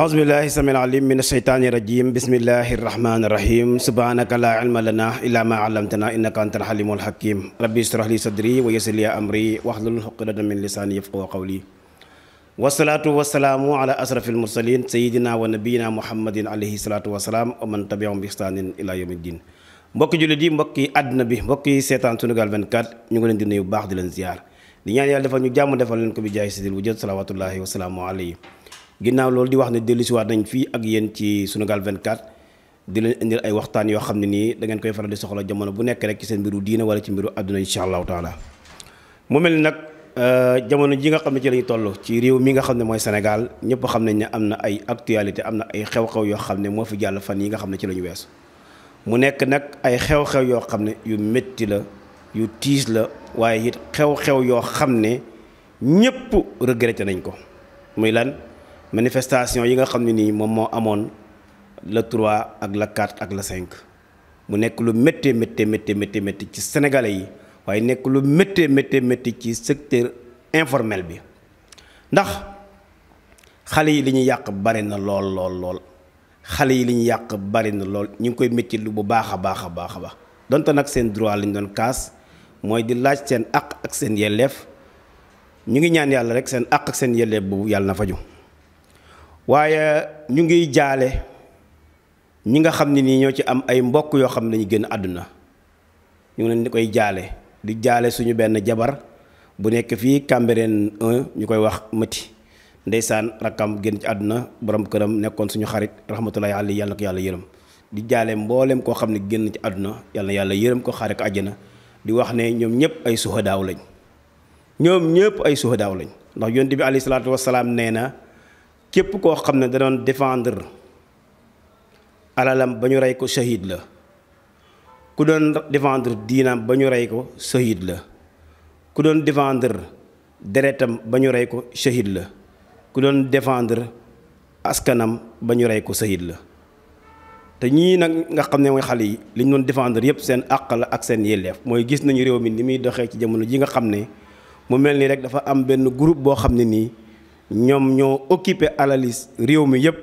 ahousubillahi samilalim min asheytaani irajim bismillahi irrahmani irahim subhanaka laa ilma lana illa ma alamtana innaka anta alxalimu alxakim rabbi israh li sadri wa yassir li amri wahlul uqdatan min lisaani yafqahu qawli wasalaatu wasalaamu ala asrafi almursalin sayidina wa nabiyina muhammadin alayhi salaatu wasalaam wa man tabiahum bi ihsaanin ila yawmi ddin mbokki jullit yi mbokki àdduna bi mbokki seetaan Sunugal 24 ñu ngi leen di nuyu bu baax di leen ziar di ñaan yàlla defal ñu jàmm defal leen ko bi jaay sidil wujud salawatullahi wasalaamu alayhi ginnaaw loolu di wax ne dellusiwaat nañ fii ak yéen ci Sunugal 24 di leen indil ay waxtaan yoo xam ne nii da ngeen koy faral di soxla jamono bu nekk rek ci seen mbiru diina wala ci mbiru àdduna incha allahu taala mu mel ni nag euh, jamono ji nga xam ne ci lañu toll ci réew mi nga xam ne mooy Sénégal ñëpp xam nañ ne am na ay actualité am na ay xew-xew yoo xam ne moo fi jàll fan yi nga xam ne ci la ñu mu nekk nag ay xew-xew yoo xam ne yu métti la yu tiis la waaye it xew-xew yoo xam ne ñëpp nañ ko manifestation yi nga xam ne nii moom moo amoon le 3 ak le 4 ak la 5 mu nekk lu méttee méttee méttee méttee métti ci sénégalais yi waaye nekk lu méttee méttee métti ci secteur informel bi ndax xale yi li ñu yàq bari na lool xale yi li ñu yàq bari na lool ñu ngi koy métti lu bu baax a baax a baax a baax donte nag seen droit lañ doon kaas mooy di laaj seen àq ak seen yelleef ñu ngi ñaan yàlla rek seen àq ak seen yelleef boobu yàlla na faju waaye ñu ngi jaale ñi nga xam ne nii ñoo ci am ay mbokk yoo xam ne dañu génn àdduna ñu ngi leen di koy jaale di jaale suñu benn jabar bu nekk fii Cambérène 1 ñu koy wax Mati ndeysaan rakam génn ci àdduna borom këram nekkoon suñu xarit rahmatullahi alayhi yàlla na ko yàlla yërëm di jaale mbooleem koo xam ne génn ci àdduna yàlla yàlla yërëm ko xaare ko na di wax ne ñoom ñëpp ay suhadaaw lañ ñoom ñëpp ay suhadaaw lañ ndax yonent bi alayhi salaatu wasalaam nee na képp koo xam ne da doon défendre alalam ba ñu rey ko shahid la ku doon défendre diinaam ba ñu rey ko shahid la ku doon défendre deretam ba ñu rey ko shahid la ku doon défendre askanam ba ñu rey ko shahid la te ñii nag nga xam ne mooy xale yi li ñu doon défendre yépp seen àq la ak seen yelleef mooy gis nañu réew mi ni muy doxee ci jamono ji nga xam ne mu mel nii rek dafa am benn groupe boo xam ne nii ñoom ñoo occupé alalis réew mi yëpp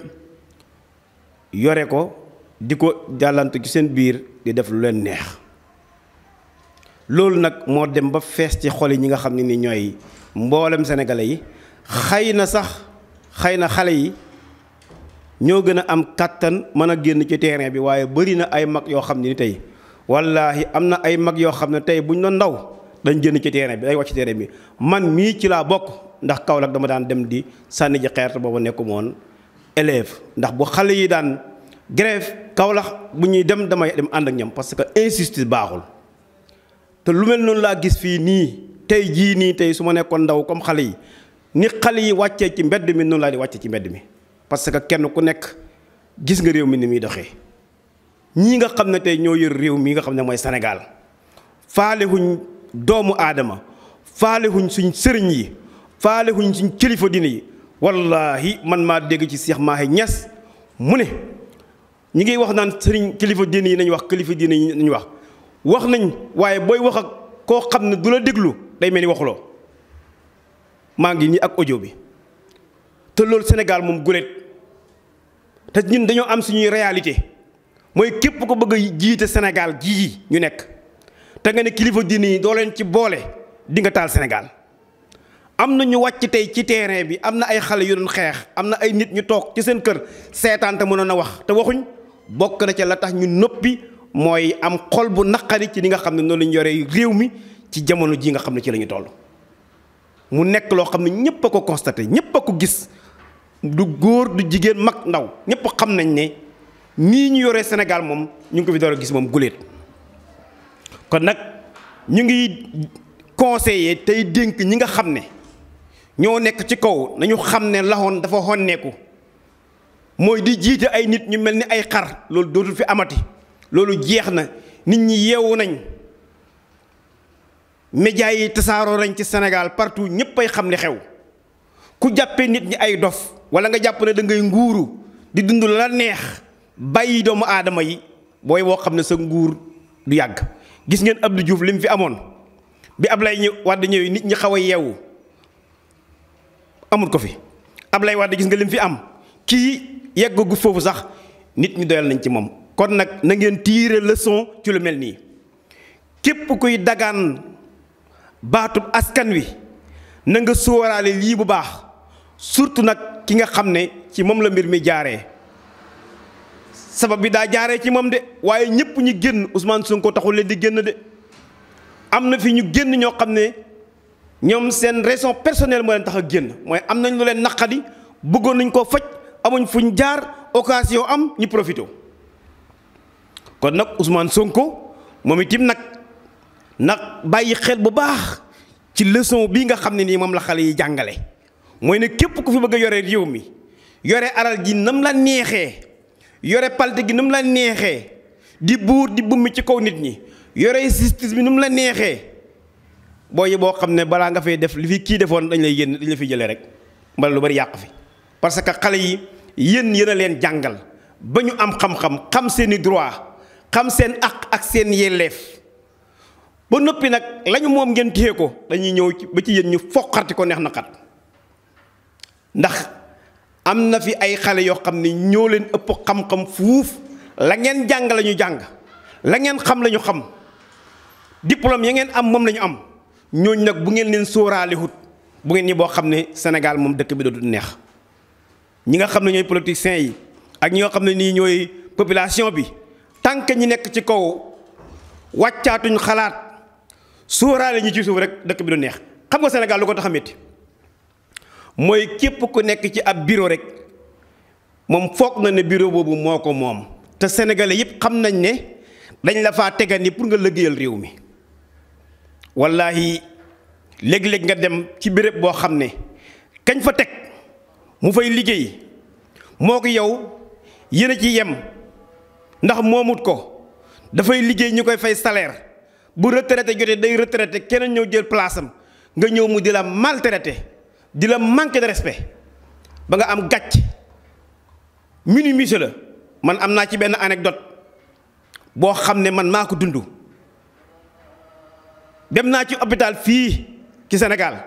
yore ko di ko jàllantu ci seen biir di def lu leen neex loolu nag moo dem ba fees ci xol yi ñi nga xam ne ni ñooy mboolem sénégalais yi xëy na sax xëy na xale yi ñoo gën a am kàttan mën a génn ci terrain bi waaye bari na ay mag yoo xam ne ni tey wallaahi am na ay mag yoo xam ne tey buñ doon ndaw dañ génn ci terrain bi day wàcc ci terrain bi man mii ci laa bokk ndax Kaolack dama daan dem di sànni ji xeer booba nekkuma woon élève ndax bu xale yi daan grève Kaolack bu ñuy dem damay dem ànd ak ñam parce que injustice baaxul te lu mel noonu laa gis fii nii tey jii nii tey su ma nekkoon ndaw comme xale yi ni xale yi wàccee ci mbedd mi noonu laa di wàccee ci mbedd mi parce que kenn ku nekk gis nga réew mi ni muy doxee ñii nga xam ne tey ñoo yor réew mii nga xam ne mooy senegal faale huñ doomu aadama faale huñ suñ sëriñ yi faale huñ ci kilifa diine yi wallaahi man maa dégg ci Cheikh Mahi Niass mu ne ñi ngi wax naan sëriñ kilifa diine yi nañ wax kilifa diine yi nañ wax wax nañ waaye booy wax ak koo xam ne du la déglu day mel ni waxuloo maa ngi nii ak audio bi te loolu Sénégal moom guléet te ñun dañoo am suñuy réalité mooy képp ko bëgg jiite Sénégal gii ñu nekk te nga ne kilifa diine yi doo leen ci boole di nga taal Sénégal am na ñu wàcc tey ci terrain bi am na ay xale yu xeex am na ay nit ñu toog ci seen kër seetaan te mënoon a wax te waxuñ bokk na ca la tax ñu noppi mooy am xol bu naqari ci li nga xam ne noonu la ñu yoree réew mi ci jamono ji nga xam ne ci la toll. mu nekk loo xam ne ñëpp a ñëpp a ko gis du góor du jigéen mag ndaw ñëpp xam nañ ne nii ñu yoree Sénégal moom ñu ngi ko fi door a gis moom guléet kon nag ñu ngi conseillé tey dénk ñi nga xam ne. ñoo nekk ci kaw nañu xam ne laxoon dafa xonneeku mooy di jiite ay nit ñu mel ni ay xar loolu dootul fi amati loolu jeex na nit ñi yeewu nañ médias yi tasaaroo nañ ci Sénégal partout ñëpp ay xam ne xew ku jàppee nit ñi ay dof wala nga jàpp ne dangay nguuru di dund la neex bàyyi doomu aadama yi booy boo xam ne sa nguur du yàgg gis ngeen ab Diouf li mu fi amoon bi Ablaye Wade ñëwee nit ñi xaw a yeewu amul ko fi Ablaye Wade gis nga lim fi am kii yeggagu foofu sax nit ñi doyal nañ ci moom kon nag na ngeen tiire leçon ci lu mel nii képp kuy dagaan baatub askan wi na nga sóoraale lii bu baax surtout nag ki nga xam ne ci moom la mbir mi jaaree sabab bi daa jaaree ci moom de waaye ñëpp ñu génn Ousmane ko taxul leen di génn de am na fi ñu génn ñoo xam ne ñoom seen raison personnelle moo leen tax a génn mooy am nañ lu leen naqadi bëggoon nañ koo faj amuñ fu ñu jaar occasion am ñu profité kon nag Ousmane Sonko moom itim nag nag bàyyi xel bu baax ci leçon bii nga xam ne nii moom la xale yi jàngale mooy ne képp ku fi bëgg a yore réew mi yore alal ji nam la neexee yore palte gi nam la neexee di buur di bummi ci kaw nit ñi yore justice bi nam la neexee booy boo xam ne balaa nga fay def li fi kii defoon dañ lay yéen dañ la fi jëlee rek mbala lu bari yàqu fi parce que xale yi yéen yéen a leen jàngal ba ñu am xam-xam xam seeni droit xam seen aq ak seen yelleef ba noppi nag lañu moom ngeen téye ko dañuy ñëw ba ci yéen ñu foqarti ko neex na xat ndax am na fi ay xale yoo xam ne ñoo leen ëpp xam-xam fuuf la ngeen jàng la jàng la ngeen xam lañu xam diplôme ya ngeen am moom lañu am. ñooñ nag bu ngeen leen sóoraalewut bu ngeen ñi boo xam ne Sénégal moom dëkk bi dootul neex ñi nga xam ne ñooy politiciens yi ak ñi nga xam ne nii ñooy population bi tant que ñi nekk ci kaw wàccaatuñ xalaat sóoraale ñi ci suuf rek dëkk bi du neex xam nga Sénégal lu ko tax a mooy képp ku nekk ci ab bureau rek moom foog na ne bureau boobu moo ko moom te sénégalais yëpp xam nañ ne dañ la faa tegandi pour nga liggéeyal réew mi. wallaahi léeg-léeg nga dem ci béréb boo xam ne kañ fa teg mu fay liggéey moo ko yow yéen a ci yem ndax moomut ko dafay liggéey ñu koy fay salaire bu retraité jotee day retraité keneen ñëw jël place nga ñëw mu di la maltraité di la manqué de respect ba nga am gàcc minu la man am naa ci benn anecdote boo xam ne man maa ko dund dem naa ci hôpital fii ci Sénégal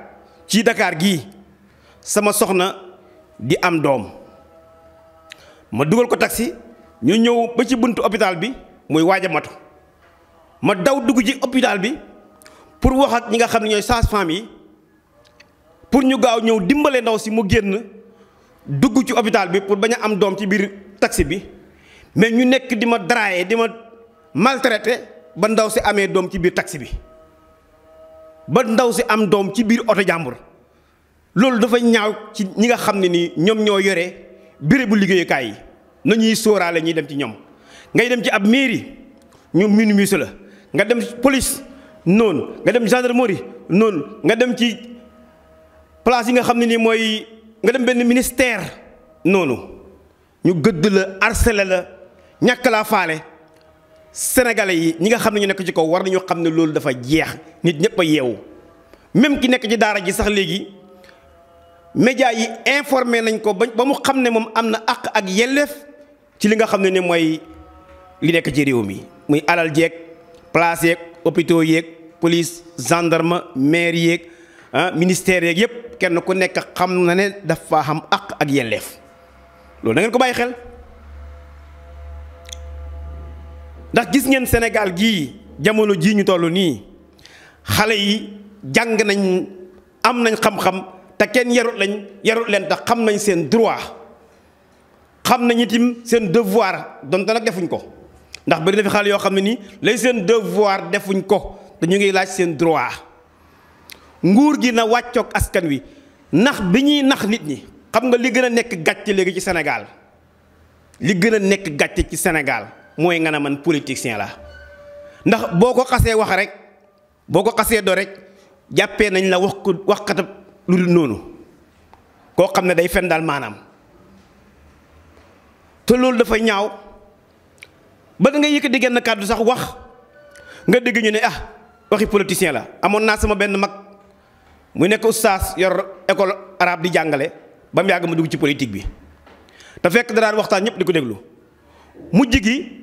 ci dakaar gii sama soxna di am doom ma dugal ko taxi ñu ñëw ba ci buntu hôpital bi muy waaj a matu ma daw dugg ci hôpital bi pour wax ak ñi nga xam ne ñooy sages-femmes yi pour ñu gaaw ñëw dimbale ndaw si mu génn dugg ci hôpital bi pour bañ a am doom ci biir taksi bi mais ñu nekk di ma draayee di ma maltraité ba ndaw si amee doom ci biir taxi bi. ba ndaw si am doom ci biir oto jàmbur loolu dafa ñaaw ci ñi nga xam ne ni ñoom ñoo yore bérébu liggéeyukaay yi nañuy ñuy sóoraale ñuy dem ci ñoom ngay dem ci ab mairie ñu minimise la nga dem police noonu nga dem gendarmerie noonu nga dem ci place yi nga xam ne ni mooy nga dem benn ministère noonu ñu gëdd la harcelé la ñàkk laa faale sénégalais yi ñi nga xam ne ñu nekk ci kaw war nañoo xam ne loolu dafa jeex nit ñëpp a yeewu même ki nekk ci daara ji sax léegi média yi informé nañ ko ba mu xam ne moom am na àq ak yelleef ci li nga xam ne ni mooy li nekk ci réew mi muy alal jeeg place yeeg hôpitaux yeeg police gendarme maire yeeg ah ministère yeeg yëpp kenn ku nekk xam na ne dafa xam àq ak yelleef loolu da ko bàyyi xel. ndax gis ngeen senegaal gii jamono jii ñu toll nii xale yi jàng nañ am nañ xam-xam te kenn yarut lañ yarut leen te xam nañ seen droit xam nañ itam seen devoir donte nag defuñ ko ndax bari na xale yoo xam ne nii lay seen devoir defuñ ko dañu ñu ngi laaj seen droit nguur gi na wàccook askan wi nax bi ñuy nax nit ñi xam nga li gën a nekk gàcce léegi ci Sénégal li gën a nekk gàcce ci Sénégal mooy nga ne man politicien la ndax boo ko xasee wax rek boo ko xasee do rek jàppee nañ la wax ko waxkat lu dul noonu koo xam ne day fen daal maanaam te loolu dafa ñaaw ba da nga yëkkati genn kàddu sax wax nga dégg ñu ne ah waxi politicien la amoon naa sama benn mag mu nekk oustaz yor école arabe di jàngale ba mu yàgg ma dugg ci politique bi te fekk da daan waxtaan ñëpp di ko déglu mujj gi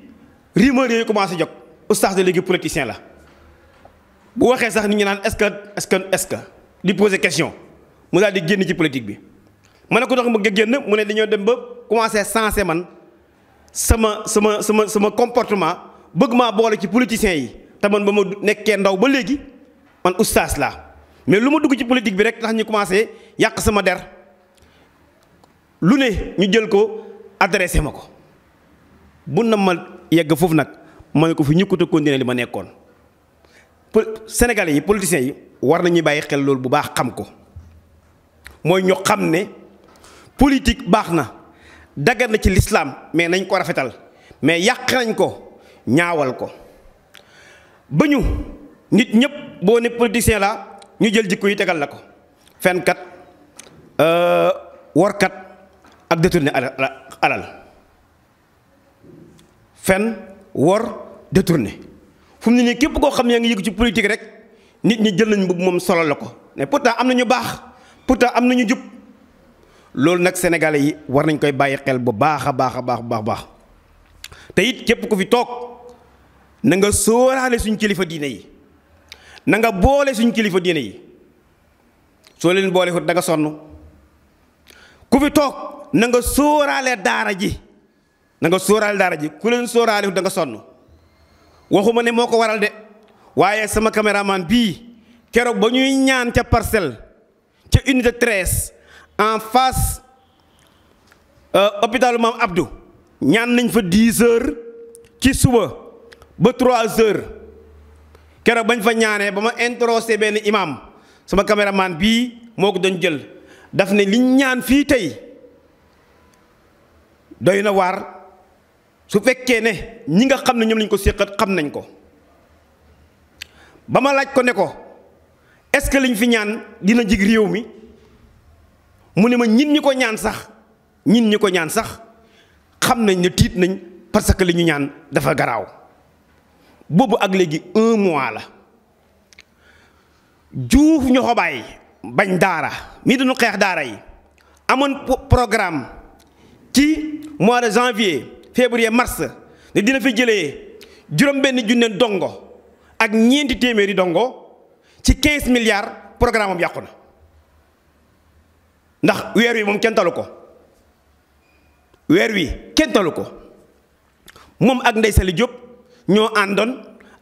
rumeur yooyu commencé jóg oustaz de léegi politicien la bu waxee sax nit ñi naan est-ce que ce que est di poser question mu daal di génn ci politique bi. ma ne ko dox ma génn mu ne dañoo dem ba commencé sensé man sama sama sama sama comportement bëgg maa boole ci politiciens yi te man ba ma nekkee ndaw ba léegi man oustaz laa mais lu ma dugg ci politique bi rek tax ñu commencé yàq sama der lu ne ñu jël ko adressé ma ko bu na ma. yegg foofu nag ma ne ko fi ñukkut a continuer li ma nekkoon po Sénégalais yi politiciens yi war nañuy bàyyi xel loolu bu baax xam ko mooy ñu xam ne politique baax na daggan na ci lislaam mais nañ ko rafetal mais yàq nañ ko ñaawal ko ba ñu nit ñëpp boo ne politicien la ñu jël jikko yi tegal la ko fenkat euh, workat ak détourné alal fen wor détourné fu mu nii képp koo xam yaa ngi yëg ci politique rek nit ñi jël nañ mbubb moom solo la ko mais pourtant am na ñu baax pourtant am na ñu jub loolu nag sénégalais yi war nañ koy bàyyi xel bu baax a baax a baax baax baax te it képp ku fi toog na nga sóoraale suñ kilifa diine yi na nga boole suñ kilifa diine yi soo leen boole xut da nga sonn ku fi toog na nga sóoraale daara ji na nga sóoraale daara ji ku leen sóoraale da nga sonn waxuma ne moo ko waral de waaye sama caméraman bii keroog ba ñuy ñaan ca parcelle ca unité 13 en face euh, hôpitalu maam Abdou ñaan nañ fa 10 heures ci suba ba 3 heures keroog bañ fa ñaanee ba ma introsé benn imam sama caméraman bii moo ko doon jël daf ne liñ ñaan fii tey doy na waar. su fekkee ne ñi nga xam ne ñoom lañ ko séqat xam nañ ko ba ma laaj ko ne ko est-ce que liñ fi ñaan dina jig réew mi mu ne ma ñin ñi ko ñaan sax ñin ñi ko ñaan sax xam nañ ne tiit nañ parce que li ñu ñaan dafa garaaw boobu ak léegi un mois la juuf ñu xobaay bañ daara mii dañu xeex daara yi amoon programme ci mois de janvier février mars ne dina fi jëlee juróom benn junne dongo ak ñeenti téeméeri dongo ci 15 milliards programme am yàqu na ndax weer wi moom kenn talu ko weer wi kenn talu ko moom ak Ndeye Saly Diop ñoo àndoon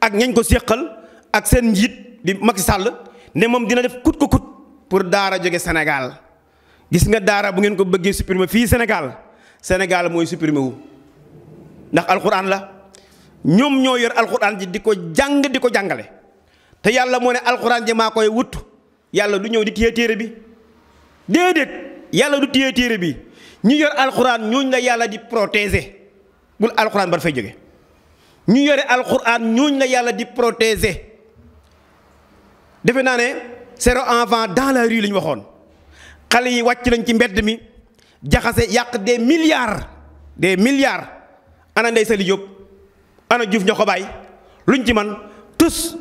ak ñañ ko séqal ak seen njiit di Macky sàll ne moom dina def kut ko kut pour daara jóge Sénégal gis nga daara bu ngeen ko bëggee supprimer fii Sénégal Sénégal mooy supprimer ndax alxuraan la ñoom ñoo yor alxuraan ji di ko jàng di ko jàngale te yàlla moo ne alxuraan ji maa koy wut yàlla du ñëw di téye téere bi déedéet yàlla du téye téere bi ñu yor alxuraan ñooñu la yàlla di protéger bul alxuraan ba dafay jóge ñu yore alxuraan ñooñu la yàlla di protéger defe naa ne zéro enfant dans la rue la ñu waxoon xale yi wàcc nañ ci mbedd mi jaxase yàq des milliards des milliards. ana Ndeye Saly Diop ana Diouf ñoo ko bàyyi luñ ci man tus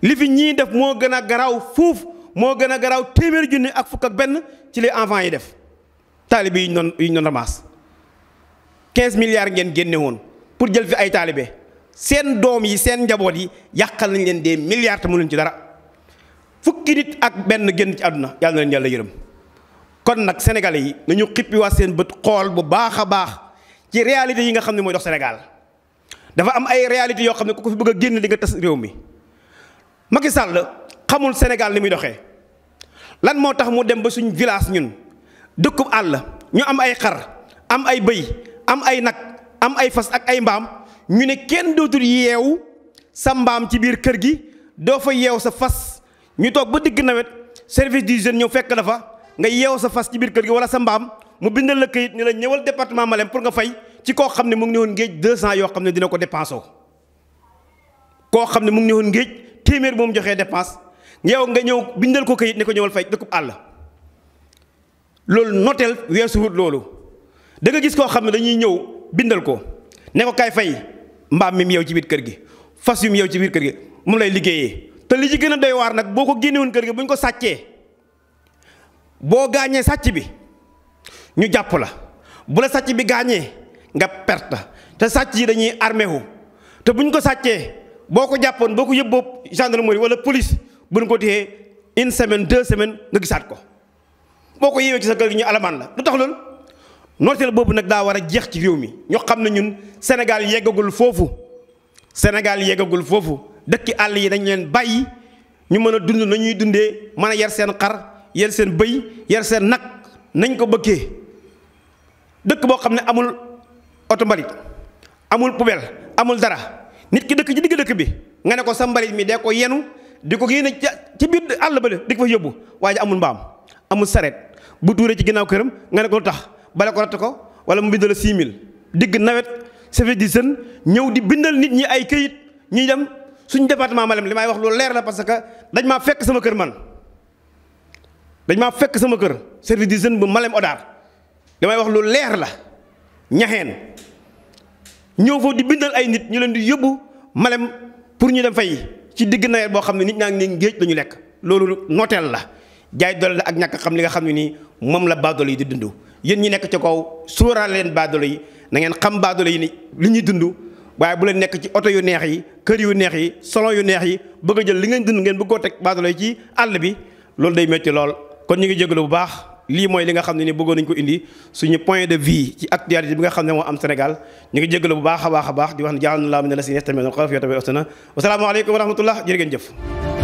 li fi ñii def moo gën a garaaw fuuf moo gën a garaaw téeméeri junni ak fukk ak benn ci les enfants yi def taalibe yi ñu doon yi ñu doon ramasse 15 milliards ngeen génne woon pour jël fi ay taalibe seen doom yi seen njaboot yi yàqal nañ leen des milliards te mënuñ ci dara fukki nit ak benn génn ci àdduna yàlla na leen yàlla yërëm kon nag sénégalais yi nañu xippiwaat seen bët xool bu baax a baax. ci réalité yi nga xam ne mooy dox Sénégal dafa am ay réalité yoo xam ne ku ko fi bëgg a génn di nga tas réew mi Macky Sall xamul Sénégal ni muy doxee lan moo tax mu dem ba suñu village ñun dëkku àll ñu am ay xar am ay bëy am ay nag am ay fas ak ay mbaam ñu ne kenn dootul yeew sa mbaam ci biir kër gi doo fa yeew sa fas ñu toog ba digg nawet service du jeune ñëw fekk la fa nga yeew sa fas ci biir kër gi wala sa mbaam mu bindal la kayit ni la ñëwal département Malem pour nga fay ci koo xam ne mu ngi ne woon ngéej 200 yoo xam ne dina ko dépensé koo xam ne mu ngi ne woon ngéej téeméer mu joxee dépense yow nga ñëw bindal ko kayit ne ko ñëwal fay dëkkub àll loolu noteel weesu wut loolu danga gis koo xam ne dañuy ñëw bindal ko ne ko kaay fay mbaam mi mu yow ci biir kër gi fas yu mu yow ci biir kër gi moom lay liggéeyee te li ci gën a doy waar nag boo ko génnewoon kër gi bu ko sàccee boo gaañee sàcc bi ñu jàpp la bu la sàcc bi gaañee nga perte te sàcc yi dañuy armé te bu ñu ko sàccee boo ko jàppoon boo ko yóbboo gendarmerie wala police bu ñu ko téyee une semaine deux semaine nga gisaat ko boo ko yeewee ci sa kër gi ñu alamaan la lu tax lool nooteel boobu nag daa war a jeex ci réew mi ñoo xam ne ñun Sénégal yeggagul foofu Sénégal yeggagul foofu dëkki àll yi dañ leen bàyyi ñu mën a dund nañuy dundee mën a yar seen xar yar seen bëy yar seen nag nañ ko bëggee dëkk boo xam ne amul oto mbalit amul poubelle amul dara nit ki dëkk ci digg dëkk bi nga ne ko sa mbalit mi dee ko yenu di ko génne ci biir àll ba di ko fa yóbbu waaye amul mbaam amul sareet bu tuuree ci ginnaaw këram nga ne ko lu tax bale ko ratt ko wala mu bindal 6000 digg nawet service di sën ñëw di bindal nit ñi ay këyit ñuy dem suñu département Malem li may wax loolu leer la parce que dañ maa fekk sama kër man dañ maa fekk sama kër service di sën bu Malem Odar damay wax lu leer la ñaxeen ñëw foofu di bindal ay nit ñu leen di yóbbu Malem pour ñu dem fay ci digg nawet boo xam ne nit ñaa ngi ne géej la ñu lekk loolu moteel la jaay doole ak ñakk xam li nga xam ne nii moom la baadoolo yi di dund yéen ñi nekk ci kaw sóoraale leen baadoolo yi nangeen xam baadoolo yi ni li ñuy dund waaye bu leen nekk ci oto yu neex yi kër yu neex yi salon yu neex yi bëgg a jël li ngeen dund ngeen bëggoo teg baadoolo yi ci àll bi loolu day métti lool kon ñu ngi jégalu bu baax lii mooy li nga xam ne ni bëggoon nañu ko indi suñu point de vue ci actualité bi nga xam ne moo am Sénégal ñu ngi jégalu bu baax a baax a baax di wax ne jaaxal na laa mi ne la si yestamee noonu xaraf yoo tamit ostana wasalaamaaleykum wa rahmatullah jërë ngeen jëf